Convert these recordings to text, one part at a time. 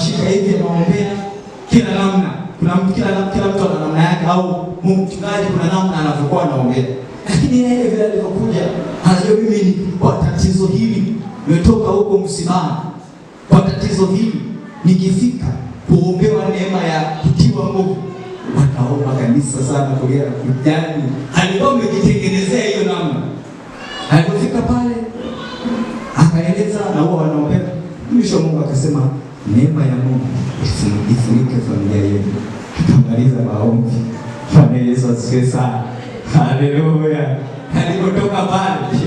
anawashika hivi, anaombea kila namna, kuna kila kila mtu ana namna yake, au mchungaji kuna namna anavyokuwa anaongea, lakini yeye vile alivyokuja anajua mimi kwa tatizo hili nimetoka huko Msimama, kwa tatizo hili nikifika kuombewa neema ya kutiwa nguvu wataomba kanisa sana kulia kujani, alikuwa amejitengenezea hiyo namna. Alipofika pale Neema ya Mungu isimike familia yetu. Tutamaliza maombi. Bwana Yesu asifiwe sana. Haleluya. Alipotoka pale,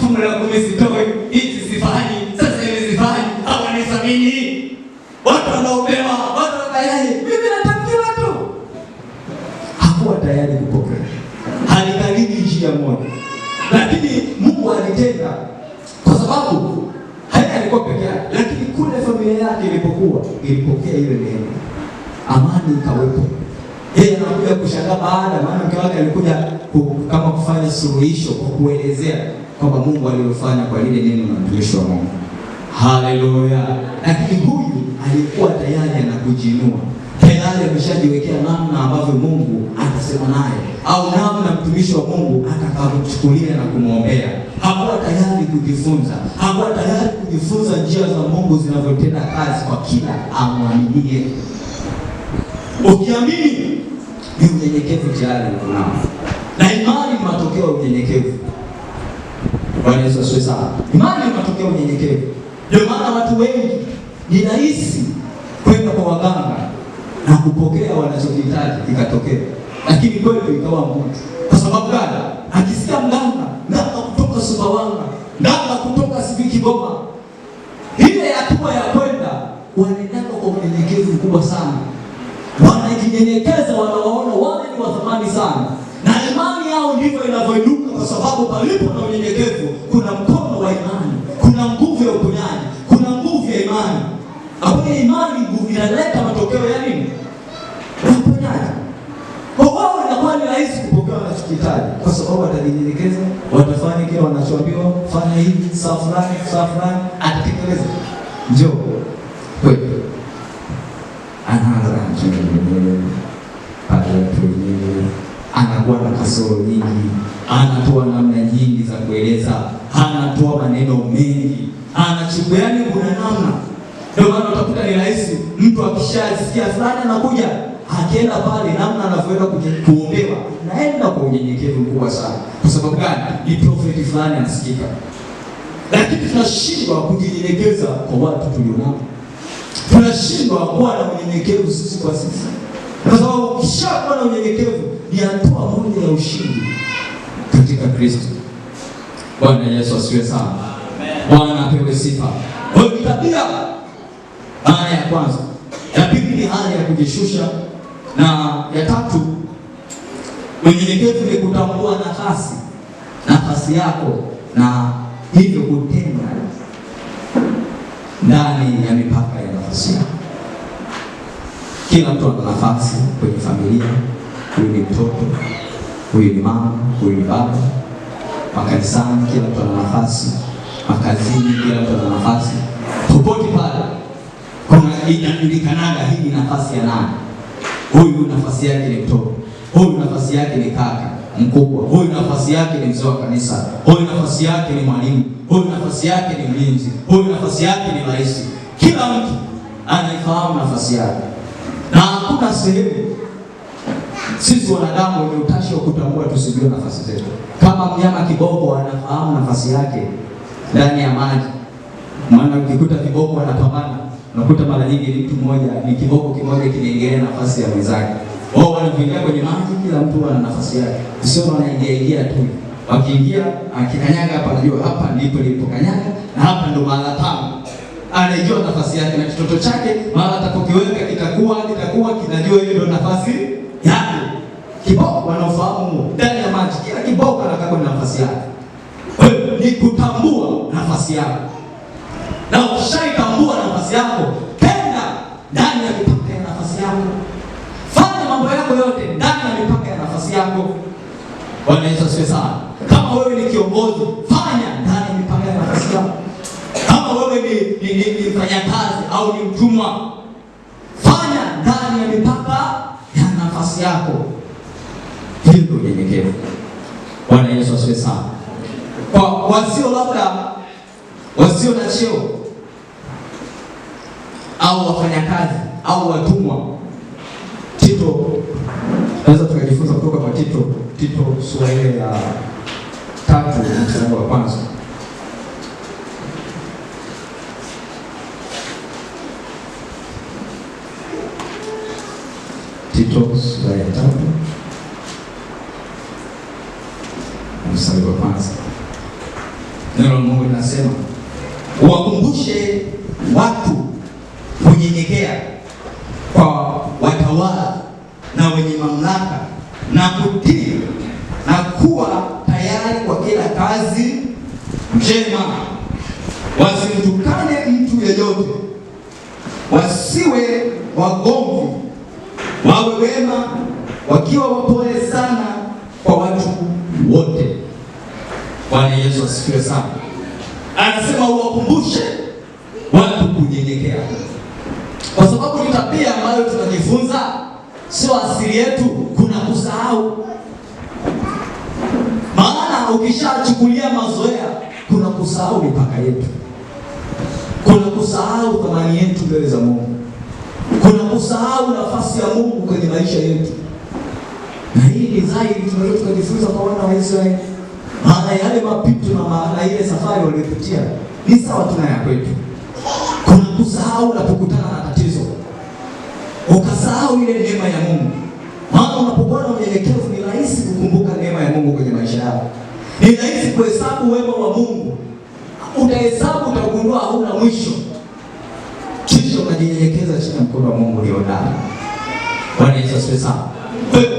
fungu la kumi sitoi, hizi sifanyi, sasa hivi sifanyi, hawanisamini. Watu wanaobewa, watu wanabayaye. Mimi natafutia watu. Hakuwa tayari kupokea. Alikariri njia moja. Lakini Mungu alitenda kwa sababu haya alikuwa peke yake yake ilipokuwa ilipokea ile neema, amani ikawepo. Yeye anakuja kushangaa baada, maana mke wake alikuja kama kufanya suluhisho kwa kuelezea kwamba Mungu aliyofanya kwa lile neno na mtumishi wa Mungu. Haleluya! Lakini huyu alikuwa tayari anakujinua tayari ameshajiwekea namna ambavyo Mungu atasema naye au namna mtumishi wa Mungu atakavyochukulia na kumwombea. Hakuwa tayari kujifunza, hakuwa tayari kujifunza njia za Mungu zinavyotenda kazi kwa kila amwaminie. Ukiamini ni unyenyekevu tayari unao, na imani ni matokeo ya unyenyekevu. Bwana Yesu asifiwe sana. Imani ni matokeo ya unyenyekevu. Ndio maana watu wengi ni rahisi kwenda kwa waganga na kupokea wanachohitaji ikatokea, lakini kweli ikawa mtu. Kwa sababu gani? Akisikia mganga mganga kutoka Sumbawanga, mganga kutoka sivi Kigoma, ile hatua ya kwenda wanaendaka kwa unyenyekevu mkubwa sana, wanajinyenyekeza, wanawaona wale ni wathamani sana, na imani yao ndivyo inavyoinuka, kwa sababu palipo na unyenyekevu kuna mkono wa imani, kuna nguvu ya uponyaji, kuna nguvu ya imani ambayo imani nguvu inaleta matokeo hospitali, kwa sababu watajinyenyekeza, watafanya kile wanachoambiwa, fanya hivi, saa fulani, saa fulani, atatekeleza. Njoo kwetu, anaanza anachanga mwenyewe, padatu wenyewe, anakuwa na kasoro nyingi, anatoa namna nyingi za kueleza, anatoa maneno mengi, yani kuna namna. Ndio maana utakuta ni rahisi mtu akishasikia fulani anakuja akienda pale namna anavyoenda kuombewa, naenda kwa unyenyekevu mkubwa sana. Kwa sababu gani? Ni profeti fulani anasikika, lakini tunashindwa kujinyenyekeza kwa watu tulionao, tunashindwa kuwa na unyenyekevu sisi kwa sisi, kwa sababu ukishakuwa na unyenyekevu ni hatua moja ya ushindi katika Kristo. Bwana Yesu asiwe sana, Bwana apewe sifa. Kwa hiyo tabia, maana ya kwanza, ya pili ni hali ya kujishusha na ya tatu unyenyekevu ni kutambua nafasi nafasi yako na hivyo kutenda ndani ya mipaka ya nafasi yako. Kila mtu ana nafasi kwenye familia. Huyu ni mtoto, huyu ni mama, huyu ni baba. Makanisani kila mtu ana nafasi, makazini kila mtu ana nafasi, popote pale kuna inajulikanaga hii nafasi ya nani huyu nafasi yake ni mtoto, huyu nafasi yake ni kaka mkubwa, huyu nafasi yake ni mzee wa kanisa, huyu nafasi yake ni mwalimu, huyu nafasi yake ni mlinzi, huyu nafasi yake ni rais. Kila mtu anaifahamu nafasi yake, na hakuna sehemu sisi wanadamu wenye utashi wa kutambua tusijue nafasi zetu. Kama mnyama kiboko anafahamu nafasi yake ndani ya maji, maana ukikuta kiboko anapambana Unakuta mara nyingi mtu mmoja ni kiboko kimoja kinaingilia nafasi ya mwenzake. Wao wanaingia kwenye maji, kila mtu ana nafasi yake, sio wanaingia ingia tu. Wakiingia akikanyaga hapa, anajua hapa ndipo lipo kanyaga, na hapa ndo mahala pangu. Anajua nafasi yake na kitoto chake, mara atakokiweka kitakuwa kitakuwa kinajua hiyo ndo nafasi yake. Kiboko wanaofahamu ndani ya maji, kila kiboko anakaa kwenye nafasi yake. Ni kutambua nafasi yako na ushaitambua nafasi yako, tenda ndani ya mipaka ya nafasi yako, fanya mambo yako yote ndani ya mipaka ya nafasi yako. Bwana Yesu asifiwe sana. Kama wewe ni kiongozi, fanya ndani ya mipaka ya nafasi yako. Kama wewe ni ni, ni, ni mfanyakazi au ni mtumwa, fanya ndani ya mipaka ya nafasi yako. Hiyo ndio unyenyekevu. Bwana Yesu asifiwe sana. Kwa wasio labda wasio na cheo au wafanyakazi au watumwa. Tito, naweza tukajifunza kutoka kwa Tito, Tito sura ile ya tatu mstari wa kwanza. Tito sura ya tatu mstari wa kwanza, neno la Mungu linasema wakumbushe kunyenyekea kwa watawala na wenye mamlaka na kutii na kuwa tayari kwa kila kazi njema, wasimtukane mtu yeyote, wasiwe wagomvi, wawe wema, wakiwa wapole sana kwa watu wote. Bwana Yesu asifiwe sana. Anasema uwakumbushe watu kunyenyekea kwa sababu ni tabia ambayo tunajifunza, sio asili yetu. Kuna kusahau, maana ukishachukulia mazoea, kuna kusahau mipaka yetu, kuna kusahau thamani yetu mbele za Mungu, kuna kusahau nafasi ya Mungu kwenye maisha yetu. Na hii ni dhahiri, tunayo tukajifunza kwa wana wa Israeli, maana yale mapito na maana ile safari waliopitia ni sawa tuna ya kwetu. Kuna kusahau unapokutana na ukasahau ile neema ya Mungu. Maana unapokuwa na unyenyekevu, ni rahisi kukumbuka neema ya Mungu kwenye maisha yako, ni rahisi kuhesabu wema wa Mungu. Utahesabu, utagundua hauna mwisho, kisha unajinyenyekeza chini ya mkono wa Mungu ndani. Bwana Yesu asifiwe sana,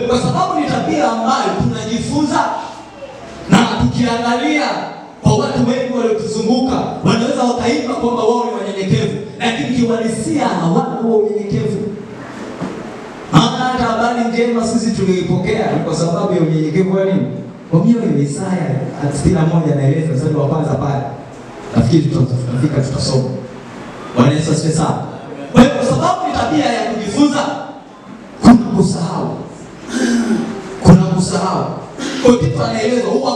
kwa sababu ni tabia ambayo tunajifunza na tukiangalia kwa watu wengi waliotuzunguka wanaweza wakaimba kwamba wao ni wanyenyekevu, lakini kiuhalisia hawana huo unyenyekevu maana hata habari njema sisi tuliipokea ni kwa sababu ya unyenyekevu wa nini? Kwa hiyo ni Isaya 61 anaeleza sasa kwa kwanza pale. Nafikiri tutafika tutasoma. Bwana Yesu asifiwe sana. Kwa hiyo kwa sababu ni tabia ya kujifunza kuna kusahau. Kuna kusahau. Kwa hiyo anaeleza huwa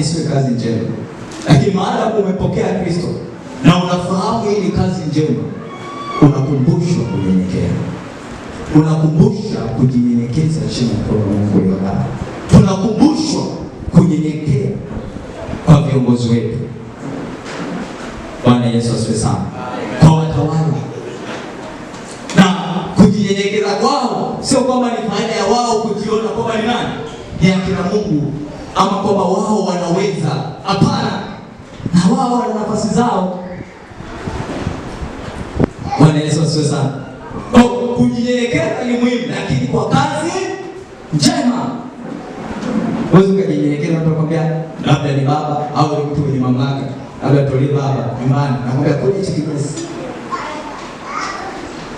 isiwe kazi njema, lakini maada umepokea Kristo na unafahamu hii ni kazi njema, unakumbushwa kunyenyekea, unakumbushwa kujinyenyekeza chini ya mkono wa Mungu. Tunakumbushwa kunyenyekea kwa viongozi wetu. Bwana Yesu asifiwe sana. Kwa watawala na kujinyenyekeza kwao, sio kwamba ni faida ya wao kujiona kwamba ni nani, ni ya kila Mungu ama kwamba wao wanaweza. Hapana, na wao wana nafasi zao. Bwana sio sana kwa Kujinyenyekeza ni muhimu, lakini kwa kazi njema. wewe ukajinyenyekeza mtu akwambia labda ni baba au ni mtu mwenye mamlaka, labda tuli baba nyumbani, nakwambia kuja hichi kigosi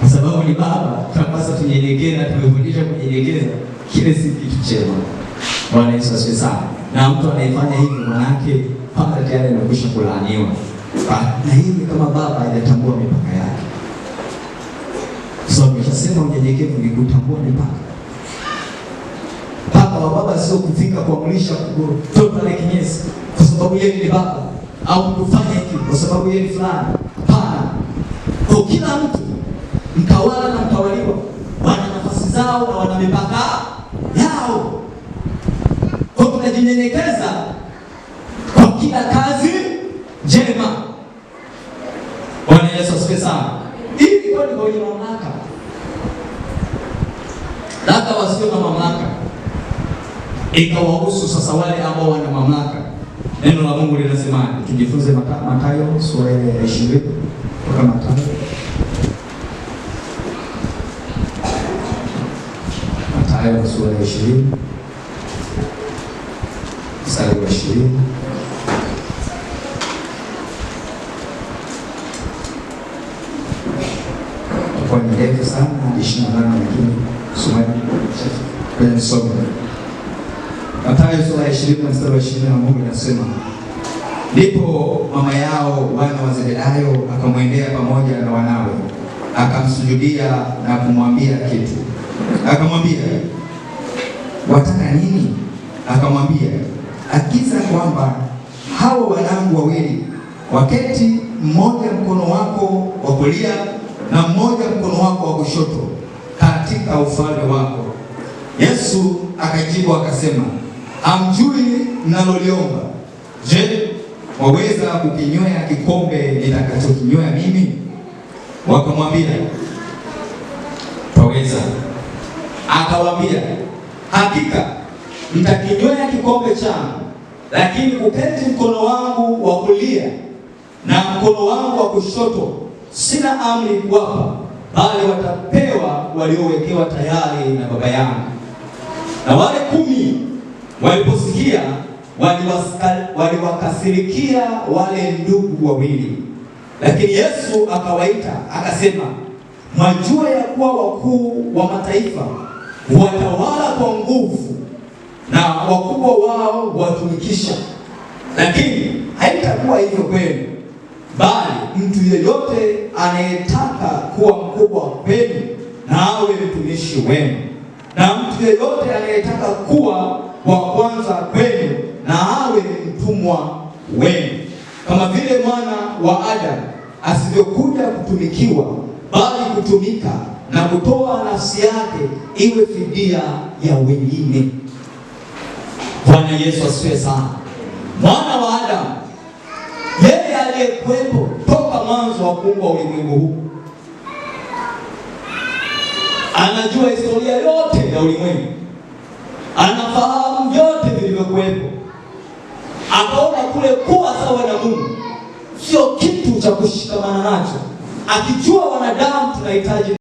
kwa sababu ni baba, tunapaswa tunyenyekee na tumefundishwa kunyenyekeza. Kile si kitu chema. Bwana Yesu asifiwe sana. Na mtu anayefanya hivi manake mpaka tayari amekwisha kulaaniwa. Na hivi kama baba hajatambua mipaka yake. So nimeshasema unyenyekevu ni kutambua mipaka. Mpaka wa baba sio kufika kwa mlisha kutoka na kinyesi kwa sababu yeye ni baba au kufanya hiki kwa sababu yeye ni fulani. Hapana. Kwa kila mtu mtawala na mtawaliwa wana nafasi zao na wana mipaka yao unajinyenyekeza kwa kila kazi njema. Bwana Yesu asifiwe sana. Ili kwani kwa wenye mamlaka na hata wasio na mamlaka ikawahusu sasa wale ambao wana mamlaka. Neno la Mungu linasema tujifunze Mathayo sura ya 20 kutoka Mathayo Mathayo sura ya 20 mstari wa ishirini kwa ni ndefu sana hadi ishirini na nane lakini somaji kwenye somo Mathayo sura ya ishirini na mstari wa ishirini na moja inasema ndipo mama yao wana wa Zebedayo akamwendea pamoja na wanawe akamsujudia na kumwambia kitu. Akamwambia wataka nini? Akamwambia agiza kwamba hawa wanangu wawili waketi, mmoja mkono wako wa kulia na mmoja mkono wako wa kushoto katika ufalme wako. Yesu akajibu akasema, hamjui naloliomba. Je, waweza kukinywea kikombe nitakachokinywea mimi? Wakamwambia, twaweza. Akawaambia, hakika mtakinywea kikombe changu lakini upenzi mkono wangu wa kulia na mkono wangu wa kushoto, sina amri kuwapa, bali watapewa waliowekewa tayari na Baba yangu. Na wale kumi waliposikia waliwakasirikia wale ndugu wawili, lakini Yesu akawaita akasema, mwajua ya kuwa wakuu wa mataifa watawala kwa nguvu na wakubwa wao watumikisha, lakini haitakuwa hivyo kwenu, bali mtu yeyote anayetaka kuwa mkubwa kwenu na awe mtumishi wenu, na mtu yeyote anayetaka kuwa wa kwanza kwenu na awe mtumwa wenu, kama vile mwana wa Adamu asivyokuja kutumikiwa, bali kutumika na kutoa nafsi yake iwe fidia ya wengine. Bwana Yesu asifiwe sana. Mwana wa Adamu yeye aliyekuwepo toka mwanzo wa kuumbwa ulimwengu huu, anajua historia yote ya ulimwengu, anafahamu yote vilivyokuwepo. Akaona kule kuwa sawa na Mungu sio kitu cha kushikamana nacho, akijua wanadamu tunahitaji